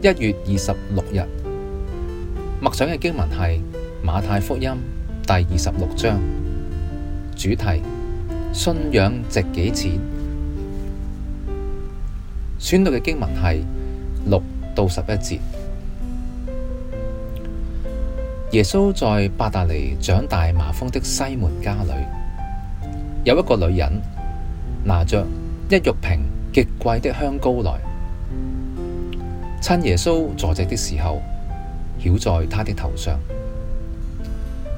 一月二十六日默想嘅經文係馬太福音第二十六章，主題信仰值幾錢？選到嘅經文係六到十一節。耶穌在伯大尼長大麻風的西門家裏，有一個女人拿着一玉瓶極貴的香膏來。趁耶穌坐席的時候，曉在他的頭上，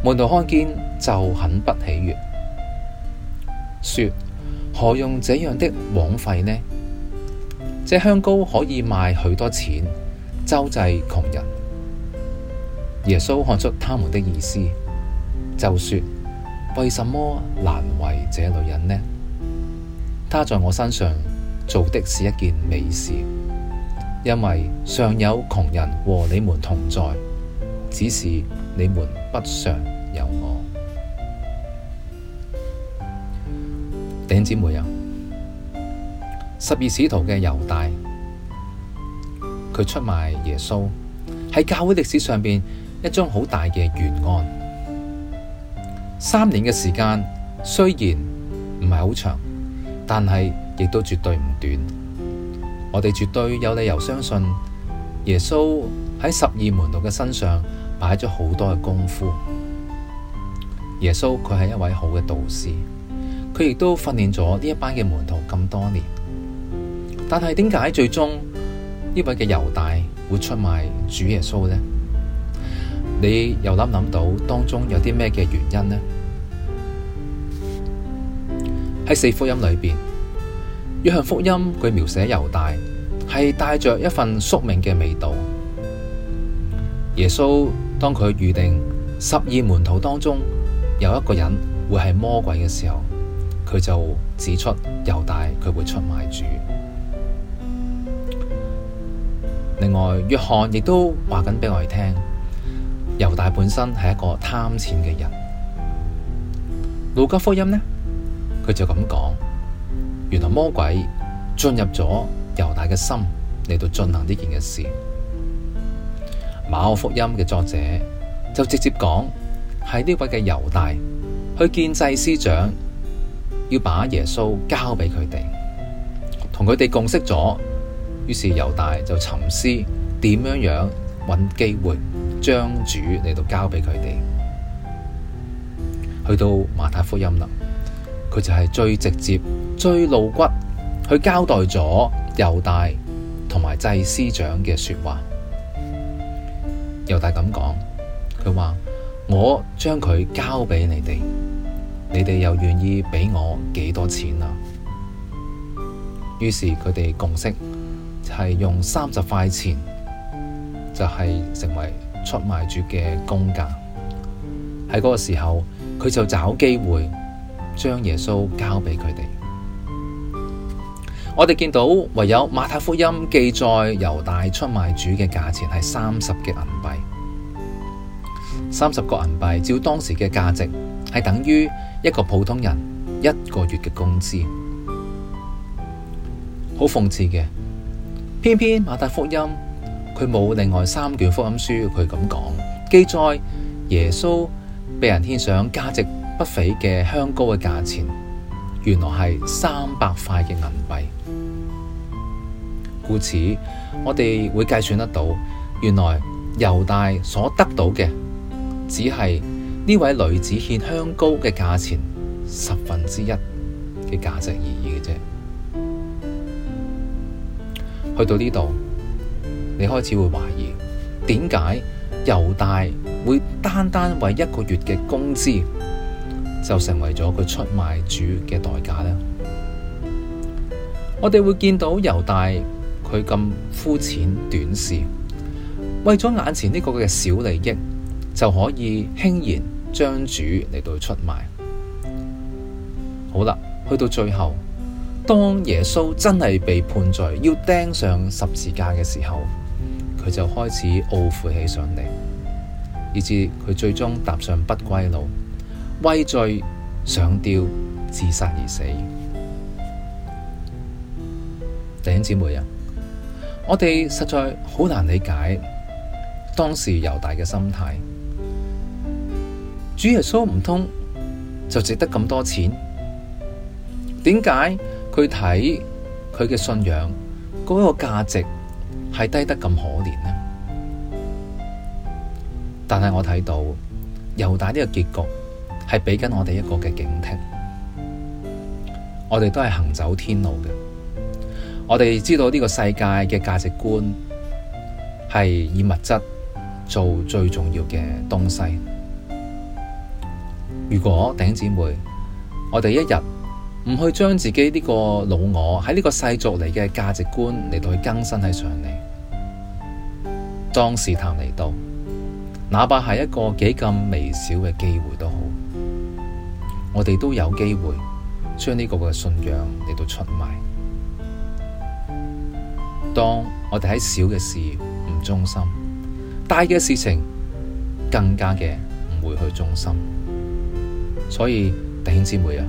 門徒看見就很不喜悦，說：何用這樣的枉費呢？這香膏可以賣許多錢，周濟窮人。耶穌看出他們的意思，就說：為什麼難為這女人呢？她在我身上做的是一件美事。因為尚有窮人和你們同在，只是你們不常有我。弟兄姊妹啊，十二使徒嘅猶大，佢出賣耶穌，喺教會歷史上邊一宗好大嘅懸案。三年嘅時間雖然唔係好長，但係亦都絕對唔短。我哋絕對有理由相信耶穌喺十二門徒嘅身上擺咗好多嘅功夫。耶穌佢係一位好嘅導師，佢亦都訓練咗呢一班嘅門徒咁多年。但係點解最終呢位嘅猶大會出賣主耶穌呢？你又諗唔諗到當中有啲咩嘅原因呢？喺四福音裏邊。約翰福音佢描寫猶大係帶着一份宿命嘅味道。耶穌當佢預定十二門徒當中有一個人會係魔鬼嘅時候，佢就指出猶大佢會出賣主。另外，約翰亦都話緊俾我哋聽，猶大本身係一個貪錢嘅人。路加福音呢，佢就咁講。原來魔鬼進入咗猶大嘅心嚟到進行呢件嘅事。馬可福音嘅作者就直接講係呢位嘅猶大去見祭司長，要把耶穌交俾佢哋，同佢哋共識咗。於是猶大就沉思點樣樣揾機會將主嚟到交俾佢哋。去到馬太福音啦。佢就係最直接、最露骨，去交代咗猶大同埋祭司長嘅說話。猶大咁講，佢話：我將佢交畀你哋，你哋又願意畀我幾多錢啊？於是佢哋共識係、就係、用三十塊錢，就係、係、成為出賣主嘅公價。喺嗰個時候，佢就找機會。將耶穌交俾佢哋，我哋見到唯有馬太福音記載猶大出賣主嘅價錢係三十嘅銀幣，三十個銀幣照當時嘅價值係等於一個普通人一個月嘅工資，好諷刺嘅。偏偏馬太福音佢冇另外三卷福音書佢咁講記載耶穌被人獻上價值。不菲嘅香膏嘅價錢，原來係三百塊嘅銀幣，故此我哋會計算得到，原來猶大所得到嘅，只係呢位女子獻香膏嘅價錢十分之一嘅價值而已嘅啫。去到呢度，你開始會懷疑，點解猶大會單單為一個月嘅工資？就成為咗佢出賣主嘅代價呢，我哋會見到猶大佢咁膚淺短視，為咗眼前呢個嘅小利益，就可以輕言將主嚟到出賣。好啦，去到最後，當耶穌真係被判罪，要釘上十字架嘅時候，佢就開始懊悔起上嚟，以致佢最終踏上不歸路。畏罪上吊自殺而死，弟兄姊妹啊，我哋實在好難理解當時猶大嘅心態。主耶穌唔通就值得咁多錢？點解佢睇佢嘅信仰嗰個價值係低得咁可憐呢？但係我睇到猶大呢個結局。係俾緊我哋一個嘅警惕，我哋都係行走天路嘅。我哋知道呢個世界嘅價值觀係以物質做最重要嘅東西。如果頂姊妹，我哋一日唔去將自己呢個老我喺呢個世俗嚟嘅價值觀嚟到去更新喺上嚟，當試探嚟到，哪怕係一個幾咁微小嘅機會都好。我哋都有機會將呢個嘅信仰嚟到出賣。當我哋喺小嘅事唔忠心，大嘅事情更加嘅唔會去忠心。所以弟兄姊妹啊，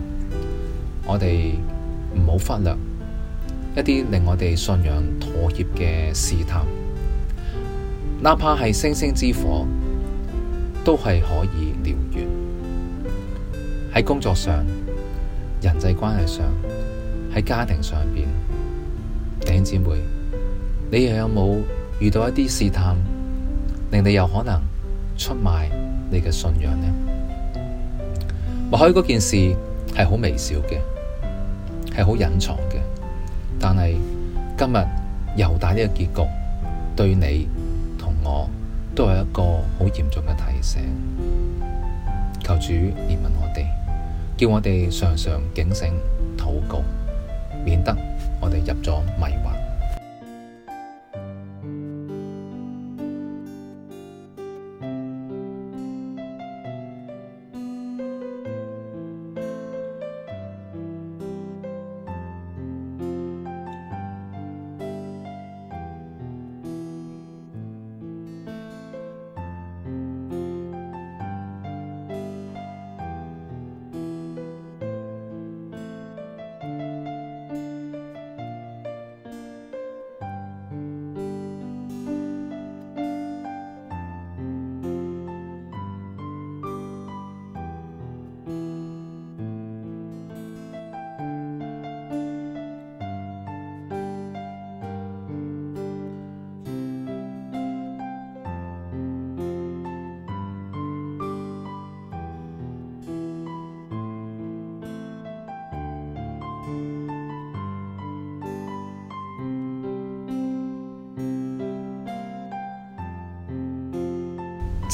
我哋唔好忽略一啲令我哋信仰妥協嘅試探，哪怕係星星之火，都係可以燎原。喺工作上、人際關係上、喺家庭上邊，弟兄姊妹，你又有冇遇到一啲試探，令你有可能出賣你嘅信仰呢？或許嗰件事係好微小嘅，係好隱藏嘅，但係今日猶大呢個結局，對你同我都係一個好嚴重嘅提醒。求主憐憫我哋。叫我哋常常警醒禱告，免得我哋入咗迷惑。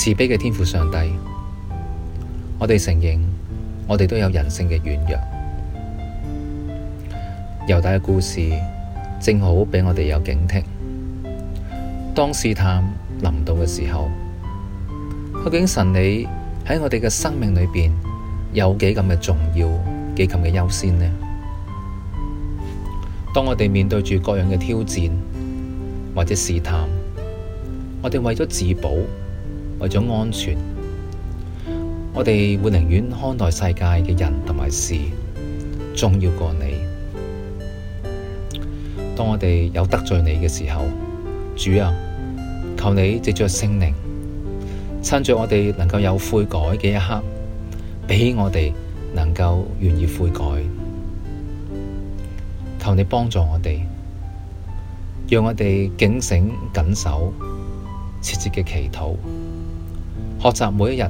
自卑嘅天賦，上帝。我哋承認，我哋都有人性嘅軟弱。猶大嘅故事正好俾我哋有警惕。當試探臨到嘅時候，究竟神你喺我哋嘅生命裏邊有幾咁嘅重要，幾咁嘅優先呢？當我哋面對住各樣嘅挑戰或者試探，我哋為咗自保。為咗安全，我哋會寧願看待世界嘅人同埋事重要過你。當我哋有得罪你嘅時候，主啊，求你借著聖靈，趁著我哋能夠有悔改嘅一刻，俾我哋能夠願意悔改。求你幫助我哋，讓我哋警醒緊守，切切嘅祈禱。學習每一日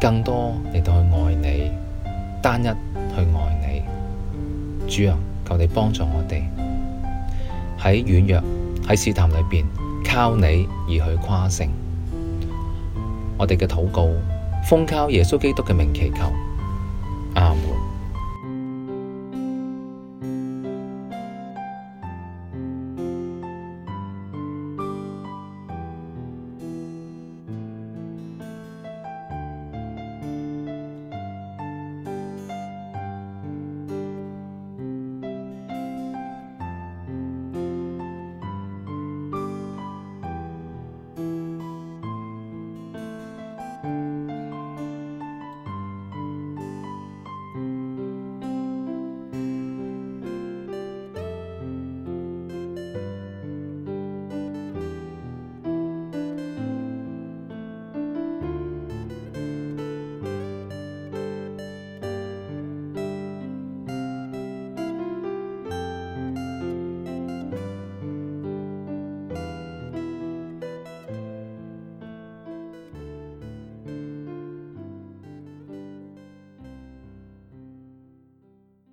更多嚟到去愛你，單一去愛你，主啊，求你幫助我哋喺軟弱喺試探裏邊靠你而去跨勝。我哋嘅禱告，奉靠耶穌基督嘅名祈求，阿門。